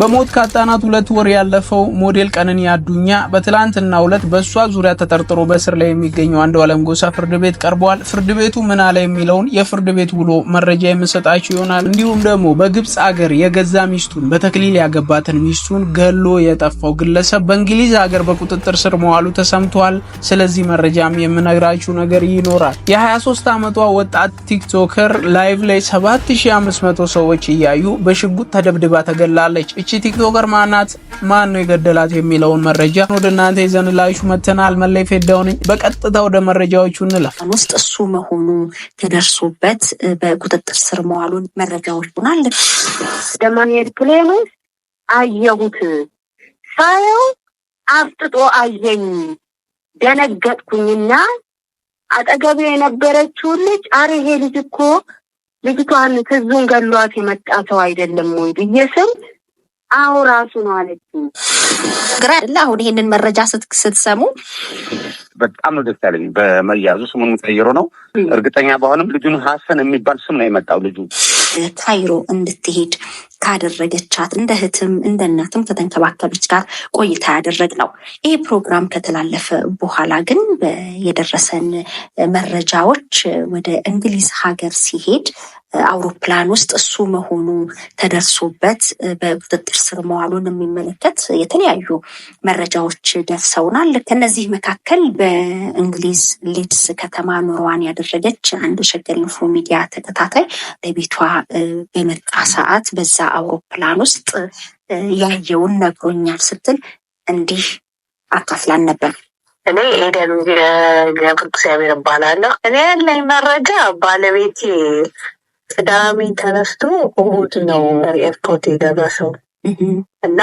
በሞት ካጣናት ሁለት ወር ያለፈው ሞዴል ቀነኒ አዱኛ በትላንትና ሁለት በእሷ ዙሪያ ተጠርጥሮ በእስር ላይ የሚገኘው አንዱዓለም ጎሳ ፍርድ ቤት ቀርቧል። ፍርድ ቤቱ ምን አለ የሚለውን የፍርድ ቤት ውሎ መረጃ የምንሰጣችሁ ይሆናል። እንዲሁም ደግሞ በግብፅ አገር የገዛ ሚስቱን በተክሊል ያገባትን ሚስቱን ገሎ የጠፋው ግለሰብ በእንግሊዝ ሀገር በቁጥጥር ስር መዋሉ ተሰምቷል። ስለዚህ መረጃም የምነግራችሁ ነገር ይኖራል። የ23 ዓመቷ ወጣት ቲክቶከር ላይቭ ላይ 7500 ሰዎች እያዩ በሽጉጥ ተደብድባ ተገላለች። ይቺ ቲክቶከር ማናት፣ ማን ነው የገደላት የሚለውን መረጃ ወደ እናንተ ይዘንላችሁ መተናል። መለይ ፌዳው በቀጥታ ወደ መረጃዎቹ እንለፍ። ውስጥ እሱ መሆኑ ተደርሶበት በቁጥጥር ስር መዋሉን መረጃዎች ሆናል። ደማንኤል ክሌኑ አየሁት፣ ሳየው አፍጥጦ አየኝ፣ ደነገጥኩኝና አጠገቤ የነበረችውን ልጅ አረ ይሄ ልጅ እኮ ልጅቷን ትዙን ገሏት የመጣ ሰው አይደለም ወይ ብዬ ስም አዎ ራሱ ነው አለች። ግራ አይደለ? አሁን ይሄንን መረጃ ስትሰሙ በጣም ነው ደስ ያለኝ። በመያዙ ስሙን ቀይሮ ነው እርግጠኛ በሆንም ልጁን ሀሰን የሚባል ስም ነው የመጣው ልጁ ካይሮ እንድትሄድ ካደረገቻት እንደ እህትም እንደ እናትም ከተንከባከበች ጋር ቆይታ ያደረግ ነው። ይህ ፕሮግራም ከተላለፈ በኋላ ግን የደረሰን መረጃዎች ወደ እንግሊዝ ሀገር ሲሄድ አውሮፕላን ውስጥ እሱ መሆኑ ተደርሶበት በቁጥጥር ስር መዋሉን የሚመለከት የተለያዩ መረጃዎች ደርሰውናል። ከነዚህ መካከል በእንግሊዝ ሊድስ ከተማ ኑሯዋን ያደረገች አንድ ሸገር ኢንፎ ሚዲያ ተከታታይ ለቤቷ በመጣ ሰዓት በዛ አውሮፕላን ውስጥ ያየውን ነግሮኛል ስትል እንዲህ አካፍላን ነበር። እኔ ኤደን ገብረ እግዚአብሔር እባላለሁ። እኔ ያለኝ መረጃ ባለቤቴ ቅዳሜ ተነስቶ እሑድ ነው ኤርፖርት የደረሰው እና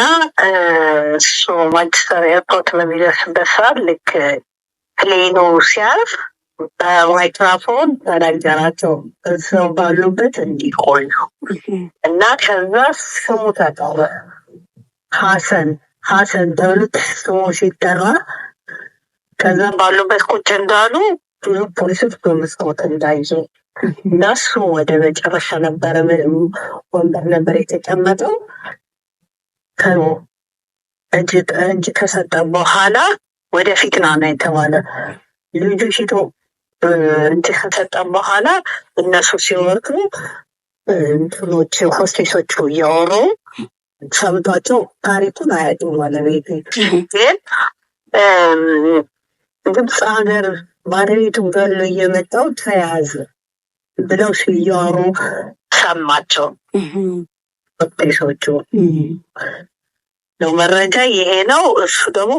እሱ ማንቸስተር ኤርፖርት በሚደርስበት ሰዓት ልክ ፕሌኑ ሲያርፍ በማይክራፎን ተናገራቸው እሰው ባሉበት እንዲቆዩ እና ከዛ ስሙ ተጠራ። ሀሰን ሀሰን ተብሎ ስሙ ሲጠራ ከዛም ባሉበት ቁጭ እንዳሉ ብዙ ፖሊሶች በመስታወት እንዳይዙ እና እሱ ወደ መጨረሻ ነበረ ወንበር ነበር የተቀመጠው። እጅ ከሰጠ በኋላ ወደፊት ና ነው የተባለ ልጁ ሽቶ እንትን ከሰጠን በኋላ እነሱ ሲወርዱ እንትኖች ሆስቴሶቹ እያወሩ ሰምቷቸው ታሪኩን አያውቅም ባለቤት ግን ግብፅ ሀገር ባለቤቱን በሎ እየመጣው ተያዘ ብለው ሲያወሩ ሰማቸው ሆስቴሶቹ። ነው መረጃ ይሄ ነው። እሱ ደግሞ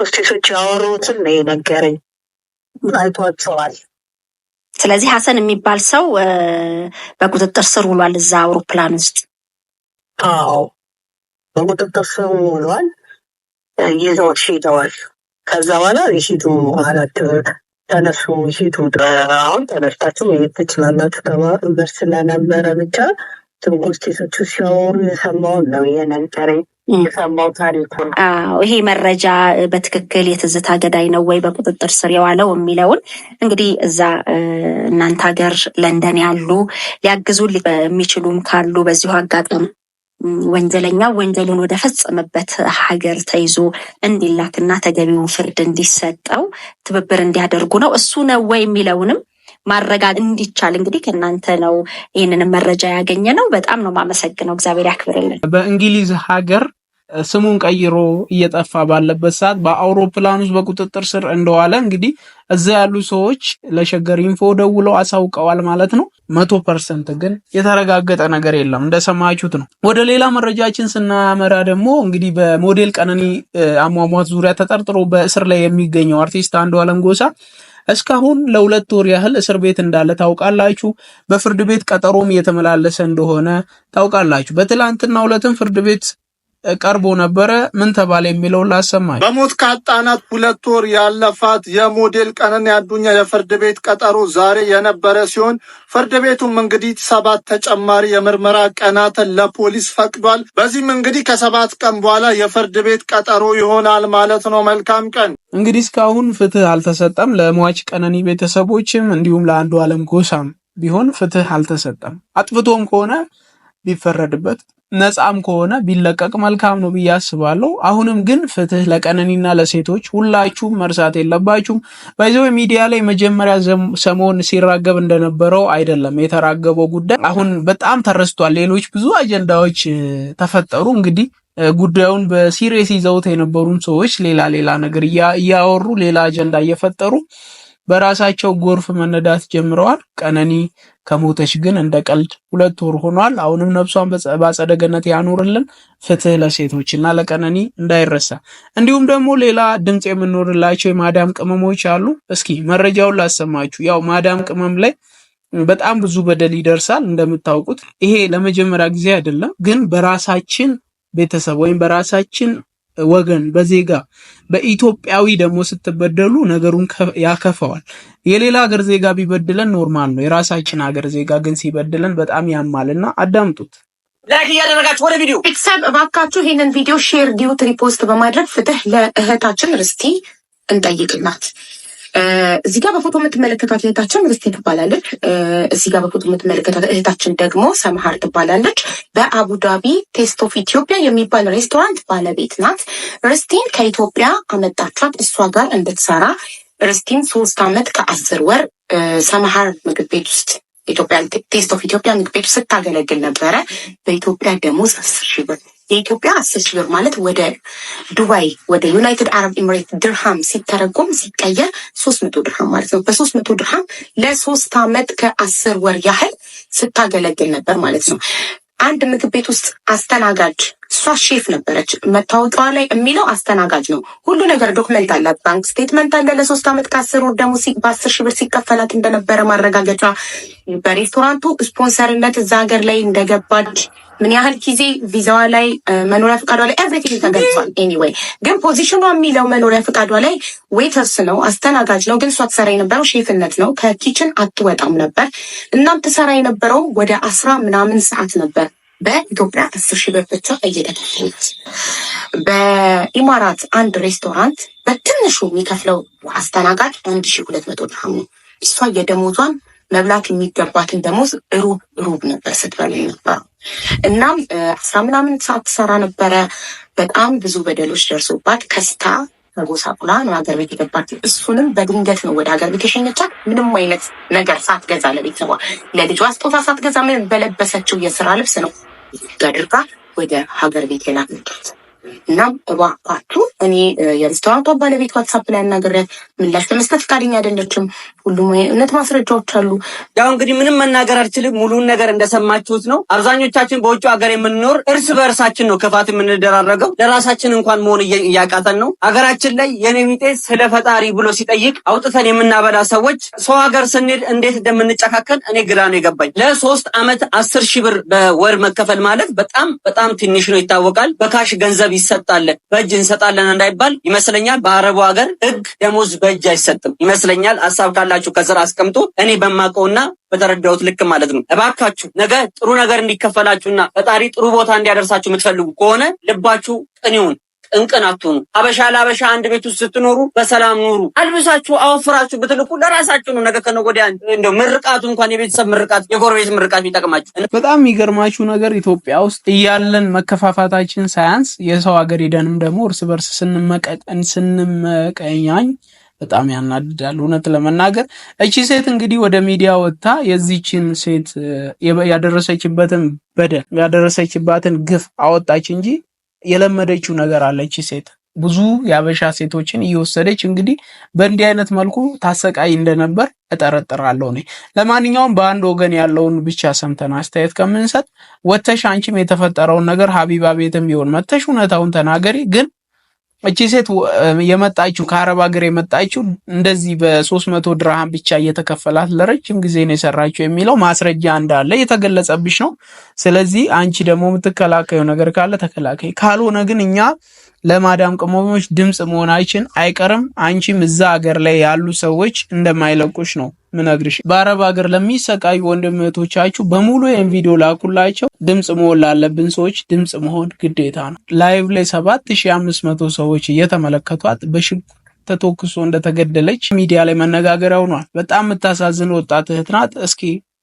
ሆስቴሶች ያወሩትን ነው የነገረኝ። አይቷቸዋል። ስለዚህ ሀሰን የሚባል ሰው በቁጥጥር ስር ውሏል እዛ አውሮፕላን ውስጥ። አዎ በቁጥጥር ስር ውሏል። ይዘው ሽተዋል። ከዛ በኋላ ይሂዱ አራት ተነሱ፣ ይሂዱ፣ አሁን ተነስታችሁ ትችላላችሁ ተባበር ስለነበረ ብቻ ትንጉርት ሴቶቹ ሲሆን የሰማው ነው የነገረኝ። የሰማው ይሄ መረጃ በትክክል የትዝታ ገዳይ ነው ወይ በቁጥጥር ስር የዋለው የሚለውን እንግዲህ እዛ እናንተ ሀገር ለንደን ያሉ ሊያግዙ የሚችሉም ካሉ በዚሁ አጋጣሚ ወንጀለኛ ወንጀሉን ወደ ፈጸመበት ሀገር ተይዞ እንዲላክና ተገቢውን ፍርድ እንዲሰጠው ትብብር እንዲያደርጉ ነው። እሱ ነው ወይ የሚለውንም ማረጋ እንዲቻል እንግዲህ ከእናንተ ነው ይህንን መረጃ ያገኘ ነው። በጣም ነው ማመሰግነው። እግዚአብሔር ያክብርልን። በእንግሊዝ ሀገር ስሙን ቀይሮ እየጠፋ ባለበት ሰዓት በአውሮፕላን ውስጥ በቁጥጥር ስር እንደዋለ እንግዲህ እዛ ያሉ ሰዎች ለሸገር ኢንፎ ደውለው አሳውቀዋል ማለት ነው። መቶ ፐርሰንት ግን የተረጋገጠ ነገር የለም እንደሰማችሁት ነው። ወደ ሌላ መረጃችን ስናመራ ደግሞ እንግዲህ በሞዴል ቀነኒ አሟሟት ዙሪያ ተጠርጥሮ በእስር ላይ የሚገኘው አርቲስት አለም ጎሳ እስካሁን ለሁለት ወር ያህል እስር ቤት እንዳለ ታውቃላችሁ። በፍርድ ቤት ቀጠሮም እየተመላለሰ እንደሆነ ታውቃላችሁ። በትላንትና ሁለትም ፍርድ ቤት ቀርቦ ነበረ። ምን ተባለ የሚለውን ላሰማ። በሞት ካጣናት ሁለት ወር ያለፋት የሞዴል ቀነኒ አዱኛ የፍርድ ቤት ቀጠሮ ዛሬ የነበረ ሲሆን ፍርድ ቤቱም እንግዲህ ሰባት ተጨማሪ የምርመራ ቀናትን ለፖሊስ ፈቅዷል። በዚህም እንግዲህ ከሰባት ቀን በኋላ የፍርድ ቤት ቀጠሮ ይሆናል ማለት ነው። መልካም ቀን። እንግዲህ እስካሁን ፍትህ አልተሰጠም። ለሟች ቀነኒ ቤተሰቦችም እንዲሁም ለአንዱ አለም ጎሳም ቢሆን ፍትህ አልተሰጠም። አጥፍቶም ከሆነ ቢፈረድበት ነፃም ከሆነ ቢለቀቅ መልካም ነው ብዬ አስባለሁ። አሁንም ግን ፍትህ ለቀነኒና ለሴቶች ሁላችሁም መርሳት የለባችሁም። በዚው ሚዲያ ላይ መጀመሪያ ሰሞን ሲራገብ እንደነበረው አይደለም የተራገበው ጉዳይ አሁን በጣም ተረስቷል። ሌሎች ብዙ አጀንዳዎች ተፈጠሩ። እንግዲህ ጉዳዩን በሲሪየስ ይዘውት የነበሩን ሰዎች ሌላ ሌላ ነገር እያወሩ ሌላ አጀንዳ እየፈጠሩ በራሳቸው ጎርፍ መነዳት ጀምረዋል። ቀነኒ ከሞተች ግን እንደ ቀልድ ሁለት ወር ሆኗል። አሁንም ነፍሷን በአጸደ ገነት ያኖርልን። ፍትህ ለሴቶች እና ለቀነኒ እንዳይረሳ። እንዲሁም ደግሞ ሌላ ድምፅ የምንኖርላቸው የማዳም ቅመሞች አሉ። እስኪ መረጃውን ላሰማችሁ። ያው ማዳም ቅመም ላይ በጣም ብዙ በደል ይደርሳል እንደምታውቁት። ይሄ ለመጀመሪያ ጊዜ አይደለም፣ ግን በራሳችን ቤተሰብ ወይም በራሳችን ወገን በዜጋ በኢትዮጵያዊ ደግሞ ስትበደሉ ነገሩን ያከፈዋል። የሌላ ሀገር ዜጋ ቢበድለን ኖርማል ነው። የራሳችን ሀገር ዜጋ ግን ሲበድለን በጣም ያማልና አዳምጡት። ላይክ እያደረጋችሁ ወደ ቪዲዮ ቤተሰብ እባካችሁ ይህንን ቪዲዮ ሼር፣ ዲዩት፣ ሪፖስት በማድረግ ፍትህ ለእህታችን ርስቲ እንጠይቅናት። እዚህ ጋር በፎቶ የምትመለከቷት እህታችን ርስቴ ትባላለች። እዚህ ጋር በፎቶ የምትመለከቷት እህታችን ደግሞ ሰምሃር ትባላለች። በአቡዳቢ ቴስት ኦፍ ኢትዮጵያ የሚባል ሬስቶራንት ባለቤት ናት። ርስቴን ከኢትዮጵያ አመጣቿት እሷ ጋር እንድትሰራ። ርስቴን ሶስት አመት ከአስር ወር ሰምሃር ምግብ ቤት ውስጥ ኢትዮጵያ ቴስት ኦፍ ኢትዮጵያ ምግብ ቤት ስታገለግል ነበረ። በኢትዮጵያ ደሞዝ አስር ሺህ ብር የኢትዮጵያ አስር ሺህ ብር ማለት ወደ ዱባይ ወደ ዩናይትድ አረብ ኤምሬት ድርሃም ሲተረጎም ሲቀየር ሶስት መቶ ድርሃም ማለት ነው። በሶስት መቶ ድርሃም ለሶስት አመት ከአስር ወር ያህል ስታገለግል ነበር ማለት ነው። አንድ ምግብ ቤት ውስጥ አስተናጋጅ እሷ ሼፍ ነበረች። መታወቂያዋ ላይ የሚለው አስተናጋጅ ነው። ሁሉ ነገር ዶክመንት አላት። ባንክ ስቴትመንት አለ። ለሶስት ዓመት ከአስር ወር ደግሞ በአስር ሺህ ብር ሲከፈላት እንደነበረ ማረጋገጫ፣ በሬስቶራንቱ ስፖንሰርነት እዛ ሀገር ላይ እንደገባች ምን ያህል ጊዜ ቪዛዋ ላይ መኖሪያ ፍቃዷ ላይ ኤቭሪቲንግ ተገልጿል። ኤኒዌይ ግን ፖዚሽኗ የሚለው መኖሪያ ፍቃዷ ላይ ዌተርስ ነው፣ አስተናጋጅ ነው። ግን እሷ ትሰራ የነበረው ሼፍነት ነው። ከኪችን አትወጣም ነበር። እናም ትሰራ የነበረው ወደ አስራ ምናምን ሰዓት ነበር። በኢትዮጵያ አስር ሺህ ብር ብቻ እየተከፈለች በኢማራት አንድ ሬስቶራንት በትንሹ የሚከፍለው አስተናጋጅ አንድ ሺህ ሁለት መቶ ድርሃም ነው። እሷ የደሞዟን መብላት የሚገባትን ደሞዝ ሩብ ሩብ ነበር ስትበሉ የነበረው እናም አስራ ምናምን ሰዓት ትሰራ ነበረ። በጣም ብዙ በደሎች ደርሶባት ከስታ ተጎሳቁላ ነው ሀገር ቤት የገባት። እሱንም በድንገት ነው ወደ ሀገር ቤት የሸኘቻት። ምንም አይነት ነገር ሳትገዛ ለቤተሰቧ ለልጇ ስጦታ ሳትገዛ ምን በለበሰችው የስራ ልብስ ነው አድርጋ ወደ ሀገር ቤት የላከቻት። እናም እባካችሁ እኔ የሪስቶራንቷ ባለቤት ዋትሳፕ ላይ አናግሬያት ምላሽ ለመስጠት ፈቃደኛ አይደለችም። ሁሉም እውነት ማስረጃዎች አሉ። ያው እንግዲህ ምንም መናገር አልችልም። ሙሉውን ነገር እንደሰማችሁት ነው። አብዛኞቻችን በውጭ ሀገር የምንኖር እርስ በእርሳችን ነው ክፋት የምንደራረገው። ለራሳችን እንኳን መሆን እያቃተን ነው። ሀገራችን ላይ የኔ ቢጤ ስለ ፈጣሪ ብሎ ሲጠይቅ አውጥተን የምናበላ ሰዎች ሰው ሀገር ስንሄድ እንዴት እንደምንጨካከል እኔ ግራ ነው የገባኝ። ለሶስት አመት አስር ሺህ ብር በወር መከፈል ማለት በጣም በጣም ትንሽ ነው ይታወቃል። በካሽ ገንዘብ ገንዘብ ይሰጣለን በእጅ እንሰጣለን እንዳይባል ይመስለኛል። በአረቡ ሀገር ህግ ደሞዝ በእጅ አይሰጥም ይመስለኛል። ሀሳብ ካላችሁ ከስር አስቀምጦ እኔ በማውቀውና በተረዳሁት ልክ ማለት ነው። እባካችሁ ነገ ጥሩ ነገር እንዲከፈላችሁና ፈጣሪ ጥሩ ቦታ እንዲያደርሳችሁ የምትፈልጉ ከሆነ ልባችሁ ቅን ይሁን። እንቅን አትሆኑ። አበሻ ለአበሻ አንድ ቤት ውስጥ ስትኖሩ በሰላም ኑሩ። አልብሳችሁ አወፍራችሁ ብትልኩ ለራሳችሁ ነው። ነገ ከነገ ወዲያ እንደው ምርቃቱ እንኳን የቤተሰብ ምርቃት፣ የጎረቤት ምርቃቱ ይጠቅማችሁ። በጣም የሚገርማችሁ ነገር ኢትዮጵያ ውስጥ እያለን መከፋፋታችን ሳያንስ የሰው ሀገር ሄደንም ደግሞ እርስ በርስ ስንመቀቀን ስንመቀኛኝ በጣም ያናድዳል። እውነት ለመናገር እቺ ሴት እንግዲህ ወደ ሚዲያ ወጥታ የዚችን ሴት ያደረሰችበትን በደል ያደረሰችባትን ግፍ አወጣች እንጂ የለመደችው ነገር አለች ሴት ብዙ የአበሻ ሴቶችን እየወሰደች እንግዲህ በእንዲህ አይነት መልኩ ታሰቃይ እንደነበር እጠረጥራለሁ እኔ። ለማንኛውም በአንድ ወገን ያለውን ብቻ ሰምተን አስተያየት ከምንሰጥ ወተሽ አንቺም የተፈጠረውን ነገር ሀቢባ ቤትም ቢሆን መተሽ እውነታውን ተናገሪ ግን እቺ ሴት የመጣችው ከአረብ ሀገር የመጣችው እንደዚህ በሶስት መቶ ድርሃም ብቻ እየተከፈላት ለረጅም ጊዜ ነው የሰራችው የሚለው ማስረጃ እንዳለ እየተገለጸብሽ ነው። ስለዚህ አንቺ ደግሞ የምትከላከዩ ነገር ካለ ተከላከይ፣ ካልሆነ ግን እኛ ለማዳም ቅመሞች ድምፅ መሆናችን አይቀርም። አንቺም እዛ ሀገር ላይ ያሉ ሰዎች እንደማይለቁሽ ነው ምነግርሽ። በአረብ ሀገር ለሚሰቃዩ ወንድም እህቶቻችሁ በሙሉ ይህን ቪዲዮ ላኩላቸው። ድምፅ መሆን ላለብን ሰዎች ድምፅ መሆን ግዴታ ነው። ላይቭ ላይ 7500 ሰዎች እየተመለከቷት በሽጉጥ ተተኩሶ እንደተገደለች ሚዲያ ላይ መነጋገሪያ ሆኗል። በጣም የምታሳዝን ወጣት እህት ናት። እስኪ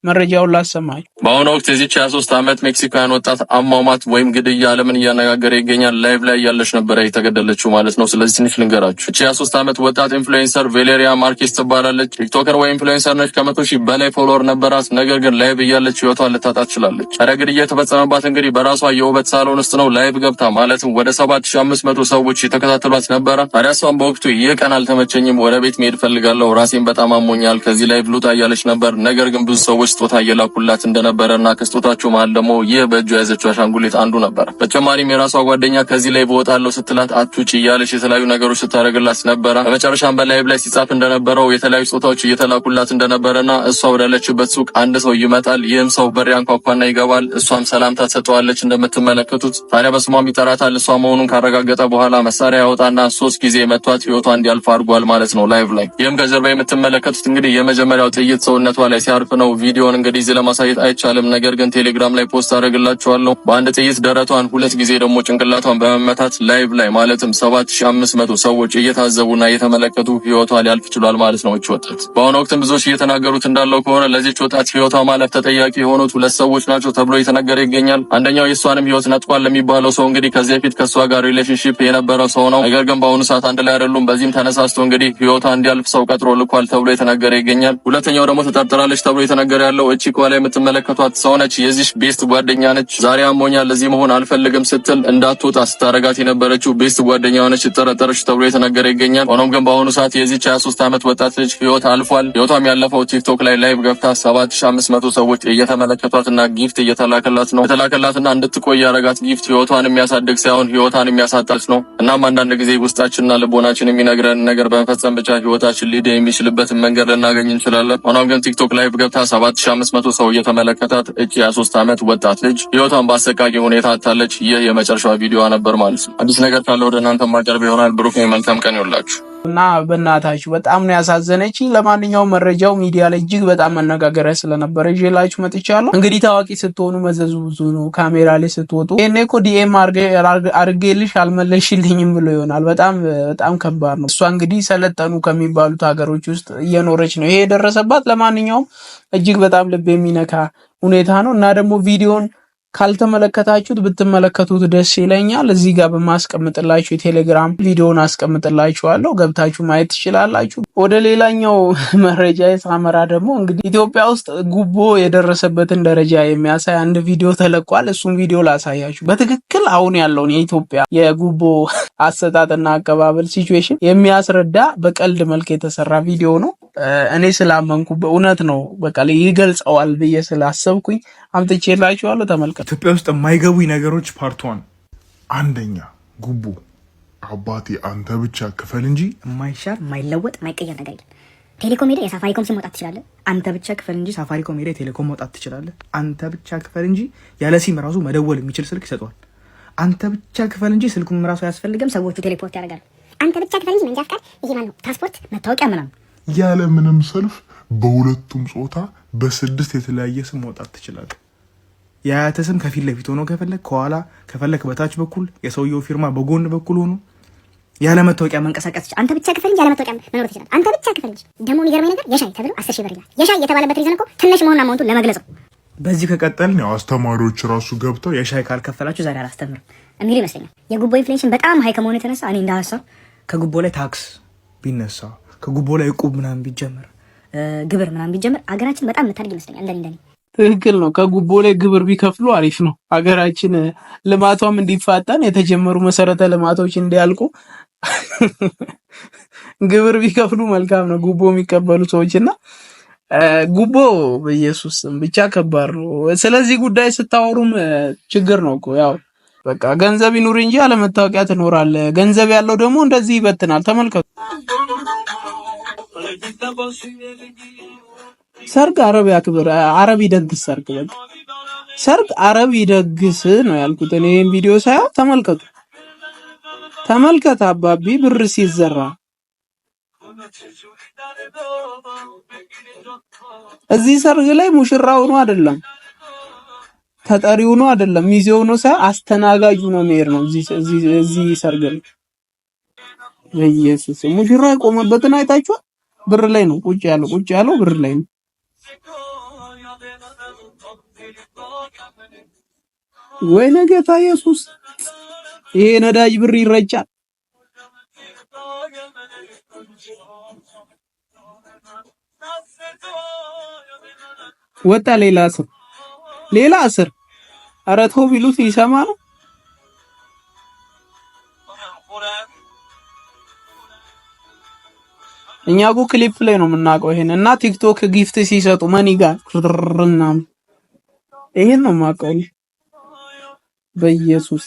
መረጃውን ላሰማኝ። በአሁኑ ወቅት የዚች ሀያ ሶስት ዓመት ሜክሲካውያን ወጣት አሟሟት ወይም ግድያ ዓለምን እያነጋገረ ይገኛል። ላይቭ ላይ ያለች ነበረ የተገደለችው ማለት ነው። ስለዚህ ትንሽ ልንገራችሁ። እቺ ሀያ ሶስት ዓመት ወጣት ኢንፍሉዌንሰር ቬሌሪያ ማርኬስ ትባላለች። ቲክቶከር ወይ ኢንፍሉዌንሰር ነች። ከመቶ ሺህ በላይ ፎሎወር ነበራት። ነገር ግን ላይቭ እያለች ህይወቷን ልታጣ ትችላለች። ኧረ ግድያ የተፈጸመባት እንግዲህ በራሷ የውበት ሳሎን ውስጥ ነው። ላይቭ ገብታ ማለትም ወደ ሰባት ሺህ አምስት መቶ ሰዎች የተከታተሏት ነበረ። ታዲያ እሷም በወቅቱ ይህ ቀን አልተመቸኝም፣ ወደ ቤት መሄድ ፈልጋለሁ፣ ራሴን በጣም አሞኛል፣ ከዚህ ላይቭ ልውጣ እያለች ነበር። ነገር ግን ብዙ ሰዎች ስጦታ እየላኩላት እንደነበረ እና ከስጦታቸው መሃል ደግሞ ይህ በእጁ የያዘችው አሻንጉሊት አንዱ ነበር። በተጨማሪም የራሷ ጓደኛ ከዚህ ላይ በወጣለው ስትላት አትውጭ እያለች የተለያዩ ነገሮች ስታደርግላት ነበረ። በመጨረሻም በላይብ ላይ ሲጻፍ እንደነበረው የተለያዩ ስጦታዎች እየተላኩላት እንደነበረና እሷ ወዳለችበት ሱቅ አንድ ሰው ይመጣል። ይህም ሰው በር ያንኳኳና ይገባል። እሷም ሰላምታ ትሰጠዋለች እንደምትመለከቱት። ታዲያ በስሟም ይጠራታል። እሷ መሆኑን ካረጋገጠ በኋላ መሳሪያ ያወጣና ሶስት ጊዜ መቷት ህይወቷ እንዲያልፍ አድርጓል ማለት ነው ላይቭ ላይ። ይህም ከጀርባ የምትመለከቱት እንግዲህ የመጀመሪያው ጥይት ሰውነቷ ላይ ሲያርፍ ነው ቪዲዮ ቪዲዮን እንግዲህ እዚህ ለማሳየት አይቻልም። ነገር ግን ቴሌግራም ላይ ፖስት አደረግላችኋለሁ። በአንድ ጥይት ደረቷን ሁለት ጊዜ ደግሞ ጭንቅላቷን በመመታት ላይቭ ላይ ማለትም 7500 ሰዎች እየታዘቡና እየተመለከቱ ህይወቷ ሊያልፍ ችሏል ማለት ነው። እች ወጣት በአሁኑ ወቅትም ብዙዎች እየተናገሩት እንዳለው ከሆነ ለዚች ወጣት ህይወቷ ማለፍ ተጠያቂ የሆኑት ሁለት ሰዎች ናቸው ተብሎ እየተነገረ ይገኛል። አንደኛው የእሷንም ህይወት ነጥቋል ለሚባለው ሰው እንግዲህ ከዚህ በፊት ከእሷ ጋር ሪሌሽንሽፕ የነበረ ሰው ነው። ነገር ግን በአሁኑ ሰዓት አንድ ላይ አይደሉም። በዚህም ተነሳስቶ እንግዲህ ህይወቷ እንዲያልፍ ሰው ቀጥሮ ልኳል ተብሎ የተነገረ ይገኛል። ሁለተኛው ደግሞ ተጠርጥራለች ተብሎ የተነገረ ያለው እቺ ከኋላ የምትመለከቷት ሰው ነች። የዚሽ ቤስት ጓደኛ ነች። ዛሬ አሞኛል ለዚህ መሆን አልፈልግም ስትል እንዳትወጣ ስታረጋት የነበረችው ቤስት ጓደኛ ሆነች ትጠረጠረች ተብሎ የተነገረ ይገኛል። ሆኖም ግን በአሁኑ ሰዓት የዚች 23 ዓመት ወጣት ልጅ ህይወት አልፏል። ህይወቷም ያለፈው ቲክቶክ ላይ ላይቭ ገብታ 7500 ሰዎች እየተመለከቷትና ጊፍት እየተላከላት ነው። የተላከላትና እንድትቆይ ያረጋት ጊፍት ህይወቷን የሚያሳድግ ሳይሆን ህይወቷን የሚያሳጣት ነው። እናም አንዳንድ ጊዜ ውስጣችንና ልቦናችን የሚነግረን ነገር በመፈጸም ብቻ ህይወታችን ሊድ የሚችልበትን መንገድ ልናገኝ እንችላለን። ሆኖም ግን ቲክቶክ ላይቭ ገብታ 1500 ሰው እየተመለከታት እቺ 23 ዓመት ወጣት ልጅ ህይወቷን በአሰቃቂ ሁኔታ አታለች። ይህ የመጨረሻ ቪዲዮ ነበር ማለት ነው። አዲስ ነገር ካለ ወደ እናንተ ማቀርብ ይሆናል። ብሩክ መልካም ቀን ይውላችሁ። እና በእናታችሁ በጣም ነው ያሳዘነች። ለማንኛውም መረጃው ሚዲያ ላይ እጅግ በጣም መነጋገሪያ ስለነበረ ይዤላችሁ መጥቻለሁ። እንግዲህ ታዋቂ ስትሆኑ መዘዙ ብዙ ነው። ካሜራ ላይ ስትወጡ ይሄኔ እኮ ዲኤም አርጌልሽ አልመለሽልኝም ብሎ ይሆናል። በጣም በጣም ከባድ ነው። እሷ እንግዲህ ሰለጠኑ ከሚባሉት ሀገሮች ውስጥ እየኖረች ነው ይሄ የደረሰባት። ለማንኛውም እጅግ በጣም ልብ የሚነካ ሁኔታ ነው እና ደግሞ ቪዲዮን ካልተመለከታችሁት ብትመለከቱት ደስ ይለኛል። እዚህ ጋር በማስቀምጥላችሁ የቴሌግራም ቪዲዮን አስቀምጥላችኋለሁ ገብታችሁ ማየት ትችላላችሁ። ወደ ሌላኛው መረጃ የሳመራ ደግሞ እንግዲህ ኢትዮጵያ ውስጥ ጉቦ የደረሰበትን ደረጃ የሚያሳይ አንድ ቪዲዮ ተለቋል። እሱም ቪዲዮ ላሳያችሁ። በትክክል አሁን ያለውን የኢትዮጵያ የጉቦ አሰጣጥና አቀባበል ሲቹዌሽን የሚያስረዳ በቀልድ መልክ የተሰራ ቪዲዮ ነው። እኔ ስላመንኩ በእውነት ነው በቃ ይገልጸዋል ብዬ ስላሰብኩኝ አምጥቼላችኋለሁ። ተመልከቱ። ኢትዮጵያ ውስጥ የማይገቡ ነገሮች ፓርቷን አንደኛ ጉቦ። አባቴ አንተ ብቻ ክፈል እንጂ የማይሻር የማይለወጥ የማይቀየር ነገር የለም። ቴሌኮም ሄደ የሳፋሪኮም ስም መውጣት ትችላለህ። አንተ ብቻ ክፈል እንጂ ሳፋሪኮም ሄደ የቴሌኮም መውጣት ትችላለህ። አንተ ብቻ ክፈል እንጂ ያለ ሲም ራሱ መደወል የሚችል ስልክ ይሰጠዋል። አንተ ብቻ ክፈል እንጂ ስልኩም ራሱ አያስፈልግም። ሰዎቹ ቴሌፖርት ያደርጋሉ። አንተ ብቻ ክፈል እንጂ መንጃ ፍቃድ፣ ይሄ ማነው ፓስፖርት፣ መታወቂያ ምናምን ያለ ምንም ሰልፍ በሁለቱም ጾታ በስድስት የተለያየ ስም መውጣት ትችላለህ። የአያተ ስም ከፊት ለፊት ሆኖ ከፈለግ ከኋላ ከፈለግ በታች በኩል የሰውየው ፊርማ በጎን በኩል ሆኖ ያለ መታወቂያ መንቀሳቀስ ይችላል። አንተ ብቻ ክፈል እንጂ ያለ መታወቂያ መኖር ትችላለህ። አንተ ብቻ ክፈል እንጂ ደግሞ የሚገርመኝ ነገር የሻይ ተብሎ አስር ሺህ ብር ይላል። የሻይ የተባለበት ሪዘን እኮ ትንሽ መሆኑን አማውንቱን ለመግለጽ በዚህ ከቀጠልን ያው አስተማሪዎች ራሱ ገብተው የሻይ ካልከፈላችሁ ዛሬ አላስተምርም የሚል ይመስለኛል። የጉቦ ኢንፍሌሽን በጣም ሀይ ከመሆኑ የተነሳ እኔ እንደ ሀሳብ ከጉቦ ላይ ታክስ ቢነሳ ከጉቦ ላይ ቁብ ምናምን ቢጀምር ግብር ምናምን ቢጀምር አገራችን በጣም መታደግ ይመስለኛል። እንደኔ እንደኔ ትክክል ነው። ከጉቦ ላይ ግብር ቢከፍሉ አሪፍ ነው። አገራችን ልማቷም እንዲፋጠን የተጀመሩ መሰረተ ልማቶች እንዲያልቁ ግብር ቢከፍሉ መልካም ነው። ጉቦ የሚቀበሉ ሰዎች እና ጉቦ በኢየሱስም ብቻ ከባድ ነው። ስለዚህ ጉዳይ ስታወሩም ችግር ነው እኮ ያው በቃ ገንዘብ ይኑር እንጂ አለመታወቂያ ትኖራለህ። ገንዘብ ያለው ደግሞ እንደዚህ ይበትናል። ተመልከቱ። ሰርግ አረብ ያክብር፣ አረብ ይደግስ። ሰርግ በቃ ሰርግ አረብ ይደግስ ነው ያልኩት። እኔ ይሄን ቪዲዮ ሳያው ተመልከቱ፣ ተመልከት አባቢ ብር ሲዘራ እዚህ ሰርግ ላይ ሙሽራው ነው አይደለም፣ ተጠሪው ነው አይደለም፣ ሚዜው ነው ሳይሆን አስተናጋጁ ነው መሄድ ነው። እዚህ ሰርግ ላይ በኢየሱስ ሙሽራ የቆመበትን አይታችኋል? ብር ላይ ነው ቁጭ ያለው ቁጭ ያለው ብር ላይ ነው። ወይ ነገታ ኢየሱስ ይሄ ነዳጅ ብር ይረጫል። ወጣ ሌላ እስር ሌላ እስር አረተው ቢሉት ይሰማ ነው። እኛ ጉ ክሊፕ ላይ ነው የምናውቀው ይሄን እና ቲክቶክ ጊፍት ሲሰጡ መኒ ጋር ርርና ይሄን ነው የማውቀው። በኢየሱስ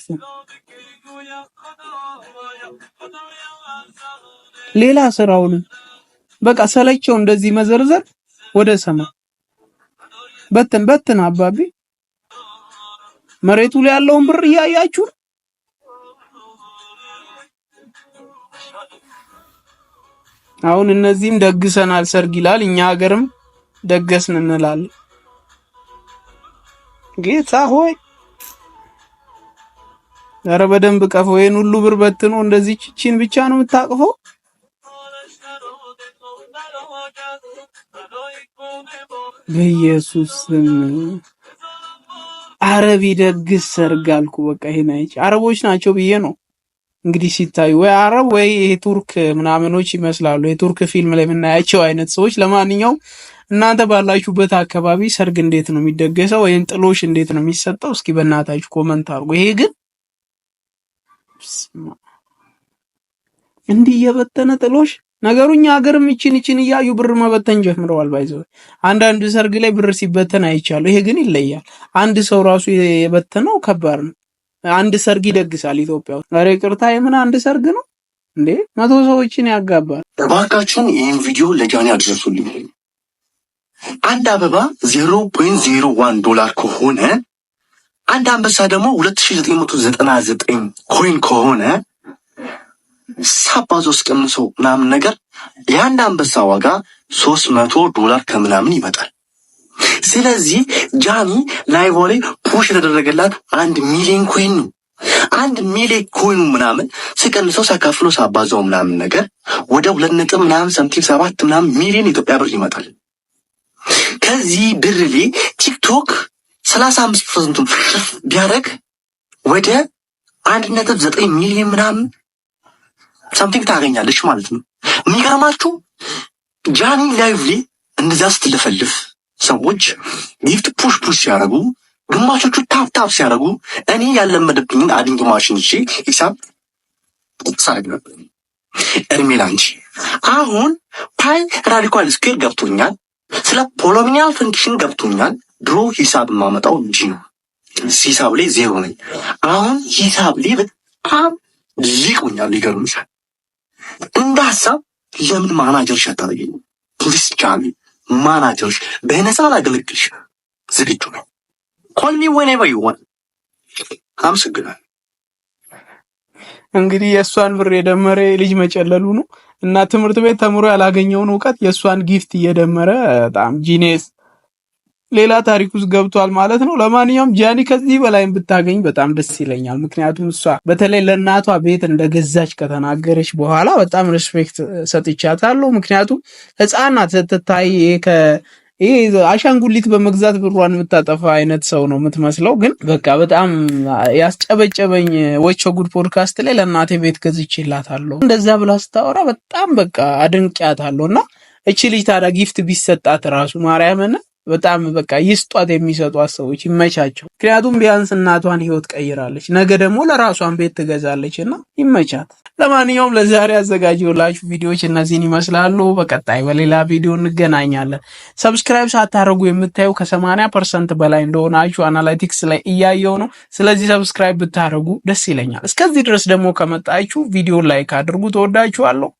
ሌላ ስራውን በቃ ሰለቸው እንደዚህ መዘርዘር ወደ ሰማ በትን በትን አባቢ መሬቱ ላይ ያለውን ብር እያያችሁ አሁን እነዚህም ደግሰናል ሰርግ ይላል። እኛ ሀገርም ደገስን እንላለን። ጌታ ሆይ ኧረ በደንብ ቀፎ ይሄን ሁሉ ብር በትኖ እንደዚህ ቺቺን ብቻ ነው የምታቅፈው። በኢየሱስ ስም አረብ ይደግስ ሰርግ አልኩ። በቃ ይሄን አይቼ አረቦች ናቸው ብዬ ነው እንግዲህ ሲታዩ ወይ አረብ ወይ የቱርክ ምናምኖች ይመስላሉ፣ የቱርክ ፊልም ላይ የምናያቸው አይነት ሰዎች። ለማንኛውም እናንተ ባላችሁበት አካባቢ ሰርግ እንዴት ነው የሚደገሰው? ወይም ጥሎሽ እንዴት ነው የሚሰጠው? እስኪ በእናታችሁ ኮመንት አድርጉ። ይሄ ግን እንዲህ የበተነ ጥሎሽ ነገሩኛ ሀገርም እችን እችን እያዩ ብር መበተን ጀምረዋል። ባይዘው አንዳንድ ሰርግ ላይ ብር ሲበተን አይቻሉ። ይሄ ግን ይለያል። አንድ ሰው ራሱ የበተነው ከባድ ነው። አንድ ሰርግ ይደግሳል ኢትዮጵያ ውስጥ። ኧረ ይቅርታ የምን አንድ ሰርግ ነው እንዴ? መቶ ሰዎችን ያጋባል። እባካችሁን ይህን ቪዲዮ ለጃኒ አድረሱልኝ። አንድ አበባ ዜሮ ፖይንት ዜሮ ዋን ዶላር ከሆነ አንድ አንበሳ ደግሞ ሁለት ሺ ዘጠኝ መቶ ዘጠና ዘጠኝ ኮይን ከሆነ ሳባዞ ስቀምሰው ምናምን ነገር የአንድ አንበሳ ዋጋ ሶስት መቶ ዶላር ከምናምን ይመጣል። ስለዚህ ጃኒ ላይቭ ላይ ፑሽ የተደረገላት አንድ ሚሊዮን ኮይን ነው። አንድ ሚሊዮን ኮይኑ ምናምን ስቀንሰው ሳካፍሎ ሳባዛው ምናምን ነገር ወደ ሁለት ነጥብ ምናምን ሰምቲም ሰባት ምናምን ሚሊዮን ኢትዮጵያ ብር ይመጣል። ከዚህ ብር ላይ ቲክቶክ ሰላሳ አምስት ፐርሰንቱን ቢያደርግ ወደ አንድ ነጥብ ዘጠኝ ሚሊዮን ምናምን ሳምቲንግ ታገኛለች ማለት ነው። የሚገርማችሁ ጃኒ ላይቭ ላይ እንደዚያ ስትለፈልፍ ሰዎች ሊፍት ፑሽ ፑሽ ሲያደርጉ፣ ግማሾቹ ታፕታፕ ሲያደርጉ እኔ ያለመደብኝን አድንግ ማሽን ይዤ ሂሳብ ሳረግ ነበር። እድሜ ላንቺ። አሁን ፓይ ራዲካል ስኩዌር ገብቶኛል። ስለ ፖሎሚኒያል ፈንክሽን ገብቶኛል። ድሮ ሂሳብ የማመጣው እንጂ ነው ሂሳብ ላይ ዜሮ ነኝ። አሁን ሂሳብ ላይ በጣም ሊቆኛል። ይገርምሻል። እንደ ሀሳብ ለምን ማናጀር ሸታ ፕሊስ ቻሌ ማናጀርሽ በነፃ ላገለግልሽ ዝግጁ ነው። ኮል ሚ ወኔቨር ዩ ዋን። አመሰግናለሁ። እንግዲህ የእሷን ብር የደመረ ልጅ መጨለሉ ነው እና ትምህርት ቤት ተምሮ ያላገኘውን እውቀት የእሷን ጊፍት እየደመረ በጣም ጂኔስ ሌላ ታሪክ ውስጥ ገብቷል ማለት ነው። ለማንኛውም ጃኒ ከዚህ በላይም ብታገኝ በጣም ደስ ይለኛል። ምክንያቱም እሷ በተለይ ለእናቷ ቤት እንደገዛች ከተናገረች በኋላ በጣም ሬስፔክት ሰጥቻታለሁ። ምክንያቱም ህፃናት ስትታይ ይህ አሻንጉሊት በመግዛት ብሯን የምታጠፋ አይነት ሰው ነው የምትመስለው። ግን በቃ በጣም ያስጨበጨበኝ ወቾ ጉድ ፖድካስት ላይ ለእናቴ ቤት ገዝቼላታለሁ እንደዛ ብላ ስታወራ በጣም በቃ አድንቅያታለሁ እና እቺ ልጅ ታዲያ ጊፍት ቢሰጣት ራሱ ማርያምን በጣም በቃ ይስጧት የሚሰጧት ሰዎች ይመቻቸው። ምክንያቱም ቢያንስ እናቷን ህይወት ቀይራለች፣ ነገ ደግሞ ለራሷን ቤት ትገዛለች እና ይመቻት። ለማንኛውም ለዛሬ ያዘጋጀሁላችሁ ቪዲዮዎች እነዚህን ይመስላሉ። በቀጣይ በሌላ ቪዲዮ እንገናኛለን። ሰብስክራይብ ሳታደርጉ የምታዩ ከሰማንያ ፐርሰንት በላይ እንደሆናችሁ አናላቲክስ ላይ እያየው ነው። ስለዚህ ሰብስክራይብ ብታደርጉ ደስ ይለኛል። እስከዚህ ድረስ ደግሞ ከመጣችሁ ቪዲዮ ላይክ አድርጉ። ተወዳችኋለሁ።